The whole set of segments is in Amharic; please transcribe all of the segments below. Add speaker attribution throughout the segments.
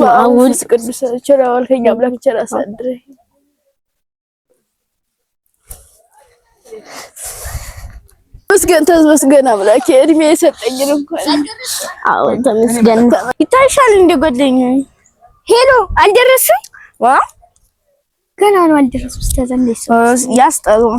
Speaker 1: በስመ አብ ወወልድ ቅዱስ ቸር አዋልከኝ አምላክ ቸር አሳድረኝ። ተመስገን ተመስገን አምላኬ እድሜ የሰጠኝን እንኳን።
Speaker 2: አዎ ተመስገን። ይታይሻል እንደ ጓደኛዬ። ሄሎ አልደረስም፣ ገና ነው አልደረስም።
Speaker 1: ያስጠላል።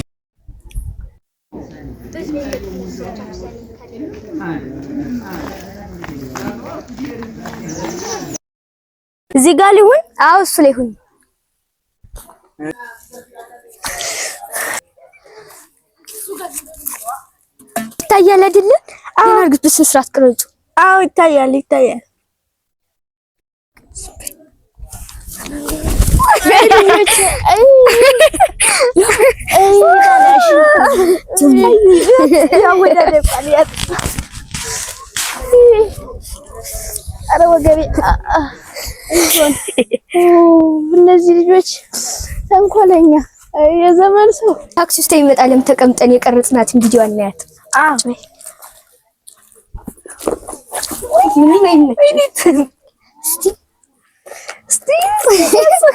Speaker 1: እዚህ ጋር ሊሆን አው እሱ ላይ ሁን። ይታያል አይደል? አሁን አርግት በስነ ስርዓት ቅረጹ። አዎ፣ ይታያል ይታያል። ኧረ ወገቤ እነዚህ ልጆች ተንኮለኛ የዘመን ሰው ታክሲ ውስጥ የሚመጣ ለም ተቀምጠን የቀረጽናትን ቪዲዮ አናያት። ምንም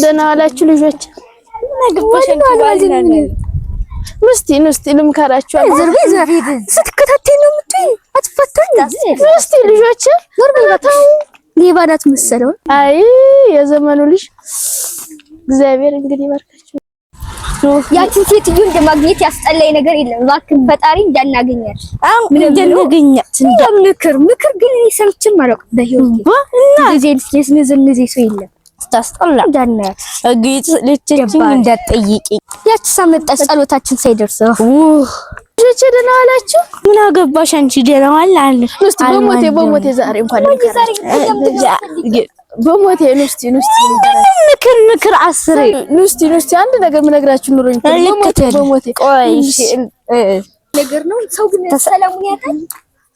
Speaker 1: ደህና ዋላችሁ ልጆች። ምስቲ ምስቲ ልምከራችሁ። ስትከታተኝ ነው የምትይ አትፈታኝ። ምስቲ ልጆች ሌባ ናት መሰለው። አይ የዘመኑ ልጅ እግዚአብሔር እንግዲህ ይባርክ። ያቺን ሴትዮ እንደማግኘት ያስጠላኝ ነገር የለም። እባክህ ፈጣሪ እንዳናገኛት እንዳናገኛት ምክር ምክር ግን እኔ ሰምቼም አላውቅም በህይወት እና የስነዘነዜ ሰው የለም። ስታስጠላ እንዳናያት እግጭ ልጅችን እንዳትጠይቂ ያቺ ሳመጣች ጸሎታችን ሳይደርስ ልጆቼ ደህና ዋላችሁ? ምን አገባሽ አንቺ ደህና ዋል አለ በሞቴ በሞቴ ዛሬ እንኳን በሞቴ ንስቲ ንስቲ ምክር ምክር አስሬ ንስቲ ንስቲ አንድ ነገር ምነግራችሁ ኑሮኝ በሞቴ ቆይ ነገር ነው። ሰው ግን ሰላሙን ያጣል።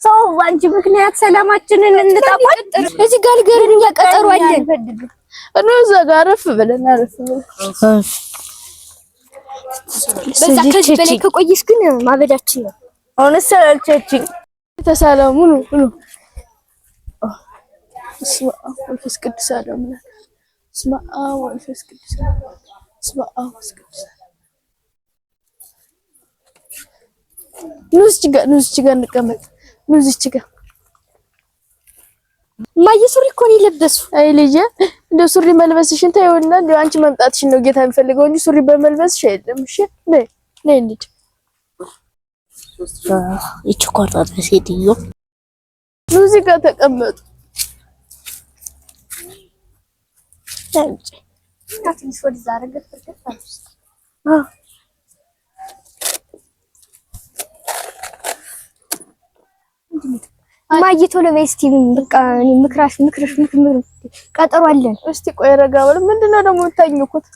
Speaker 1: ሰው አንቺ ምክንያት ሰላማችንን እንጠቋል። እዚህ ጋር ልገርን እያቀጠሩ አለን እነ እዛ ጋር አረፍ ብለን አረፍ በዛ ከዚህ በላይ ከቆየሽ ግን ማበዳችን ነው። አሁን ሰላልቸችኝ ተሳለሙ ኑ እስመ አብ ወመንፈስ ቅዱስ አሐዱ አምላክ አብ ወመንፈስ ቅዱስ አብ ወመንፈስ ቅዱስ እንቀመጥ ኑስ ሱሪ እኮ ነው የለበሱ። አይ ልጄ ሱሪ መልበስሽን ታየውና እንደ አንቺ መምጣትሽን ነው ጌታ የሚፈልገው እንጂ ሱሪ በመልበስሽ አይደለም። እሺ ነይ ነይ ይቺ ቆርጣት ሴትዮ ጋር ተቀመጡ። እማዬ ቶሎ በይ እስኪ በቃ ምክራሽ ምክርሽ ምክምር ቀጠሮ አለን። እስቲ ቆይ ረጋ በለው። ምንድን ነው ደግሞ የምታኝኩት?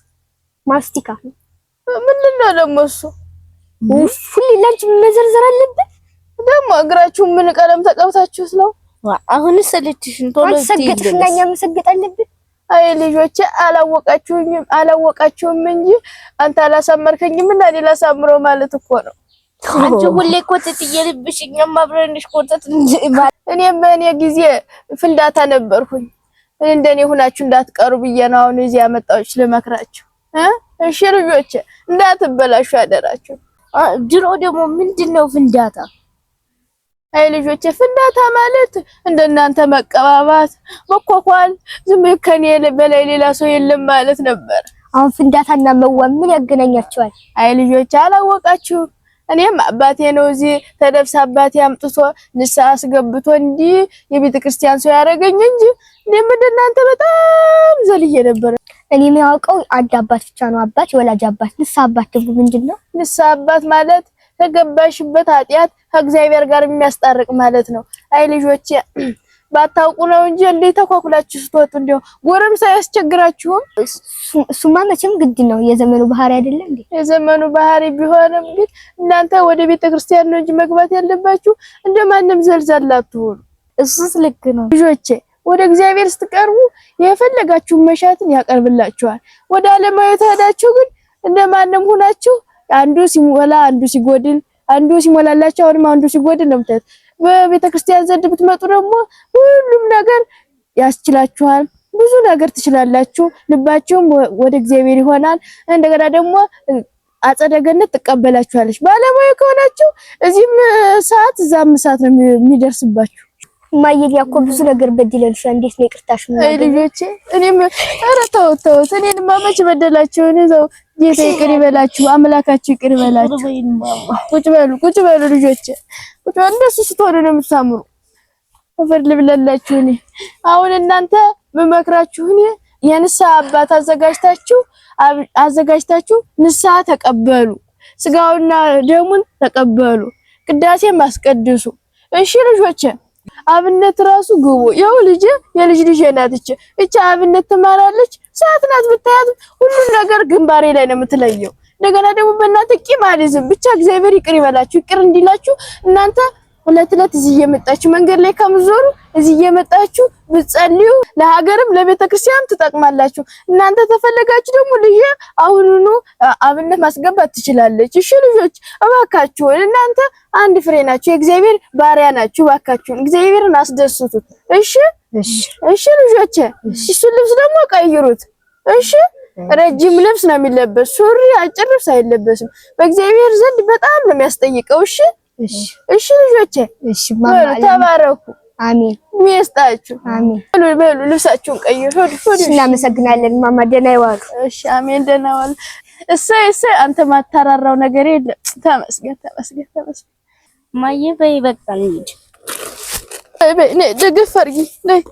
Speaker 1: ማስቲካ ምንድን ነው ደግሞ እሱ? ሁሌ ላንቺ መዘርዘር አለብን ደግሞ። ምን ቀለም ተቀብታችሁት ነው? አሁንስ ቶሎ መሰገጥ አለብን። አይ ልጆቼ አላወቃችሁኝም አላወቃችሁም እንጂ አንተ አላሳመርከኝም እና እኔ ላሳምረው ማለት እኮ ነው። አንቺ ሁሌ ኮተት እየልብሽ እኛም አብረንሽ ኮተት ማለት በእኔ ጊዜ ፍንዳታ ነበርኩኝ። እንደኔ ሁናችሁ እንዳትቀሩ ብዬ ነው አሁን እዚህ ያመጣሁሽ ልመክራችሁ። እሺ ልጆቼ እንዳትበላሹ አደራችሁ። ድሮ ደግሞ ምንድን ነው ፍንዳታ አይ ልጆች ፍንዳታ ማለት እንደናንተ መቀባባት፣ መኳኳል ዝም ከኔ በላይ ሌላ ሰው የለም ማለት ነበር። አሁን ፍንዳታና መዋብ ምን ያገናኛቸዋል? አይ ልጆች አላወቃችሁ። እኔም አባቴ ነው እዚህ ተደብስ አባቴ አምጥቶ ንሳ አስገብቶ እንዲህ የቤተ ክርስቲያን ሰው ያደረገኝ እንጂ እኔም እንደናንተ በጣም ዘልዬ ነበር። እኔ የሚያውቀው አንድ አባት ብቻ ነው። አባት የወላጅ አባት። ንሳ አባት ደግሞ ምንድን ነው? ንሳ አባት ማለት ከገባሽበት ኃጢአት ከእግዚአብሔር ጋር የሚያስጣርቅ ማለት ነው። አይ ልጆቼ ባታውቁ ነው እንጂ እንዴት ተኳኩላችሁ ስትወጡ እንደው ጎረም ሳያስቸግራችሁም እሱማ መቼም ግድ ነው የዘመኑ ባህሪ አይደለም እንዴ? የዘመኑ ባህሪ ቢሆንም ግን እናንተ ወደ ቤተ ክርስቲያን ነው እንጂ መግባት ያለባችሁ እንደማንም ዘልዛላችሁ። እሱስ ልክ ነው ልጆቼ። ወደ እግዚአብሔር ስትቀርቡ የፈለጋችሁን መሻትን ያቀርብላችኋል። ወደ አለማዊ ተሄዳችሁ ግን እንደማንም ሁናችሁ አንዱ ሲሞላ አንዱ ሲጎድል፣ አንዱ ሲሞላላቸው አሁንም አንዱ ሲጎድል ነው የምታዩት። በቤተ ክርስቲያን ዘንድ ብትመጡ ደግሞ ሁሉም ነገር ያስችላችኋል። ብዙ ነገር ትችላላችሁ። ልባችሁም ወደ እግዚአብሔር ይሆናል። እንደገና ደግሞ አጸደ ገነት ትቀበላችኋለች። ባለሙያ ከሆናችሁ እዚህም ሰዓት እዛም ሰዓት ነው የሚደርስባችሁ። ማየት እኮ ብዙ ነገር በድለልሻል። እንዴት ነው ይቅርታሽ? አይ ልጆቼ፣ እኔም ኧረ ተው ተው፣ እኔንማ ማመች በደላችሁ? እዛው ጌታ ይቅር ይበላችሁ፣ አምላካችሁ ይቅር ይበላችሁ። ቁጭ በሉ ቁጭ በሉ ልጆቼ፣ ቁጭ በሉ። እንደሱ ስትሆኑ ነው የምታምሩ። ወፈር ልብለላችሁ። እኔ አሁን እናንተ መመክራችሁ እኔ የንስሐ አባት አዘጋጅታችሁ አዘጋጅታችሁ ንስሐ ተቀበሉ፣ ስጋውና ደሙን ተቀበሉ፣ ቅዳሴም አስቀድሱ። እሺ ልጆቼ አብነት ራሱ ግቡ ይኸው ልጅ የልጅ ልጅ እች እቻ አብነት ትማራለች። ሰዓት ናት ብታያት ሁሉን ነገር ግንባሬ ላይ ነው የምትለየው። እንደገና ደግሞ በእናንተ ቂም አልይዝም። ብቻ እግዚአብሔር ይቅር ይበላችሁ፣ ይቅር እንዲላችሁ እናንተ ሁለት እውነት እዚህ እየመጣችሁ መንገድ ላይ ከምዞሩ እዚህ እየመጣችሁ ብትጸልዩ ለሀገርም ለቤተክርስቲያን ትጠቅማላችሁ። እናንተ ተፈለጋችሁ ደግሞ ልጅ አሁኑኑ አብነት ማስገባት ትችላለች። እሺ ልጆች እባካችሁን እናንተ አንድ ፍሬ ናችሁ፣ የእግዚአብሔር ባሪያ ናችሁ። እባካችሁን እግዚአብሔርን አስደስቱት። እሺ እሺ ልጆች እሱን ልብስ ደግሞ ቀይሩት። እሺ ረጅም ልብስ ነው የሚለበስ ሱሪ፣ አጭር ልብስ አይለበስም። በእግዚአብሔር ዘንድ በጣም ነው የሚያስጠይቀው። እሺ እሺ፣ እሺ ልጆቼ፣ እሺ ማማ፣ ተባረኩ። አሜን። ይስጣችሁ። አሜን። በሉ በሉ፣ ልብሳችሁን ቀይሩ። ሆድ ሆድ። እናመሰግናለን ማማ፣ ደህና ይዋሉ። እሺ፣ አሜን። ደህና ዋሉ። እሰይ እሰይ፣ አንተ ማታራራው ነገር የለም። ተመስገን፣ ተመስገን፣ ተመስገን። ማየ በይ፣ በቃ እንሂድ። በይ በይ፣ ደግፍ አድርጊ ነይ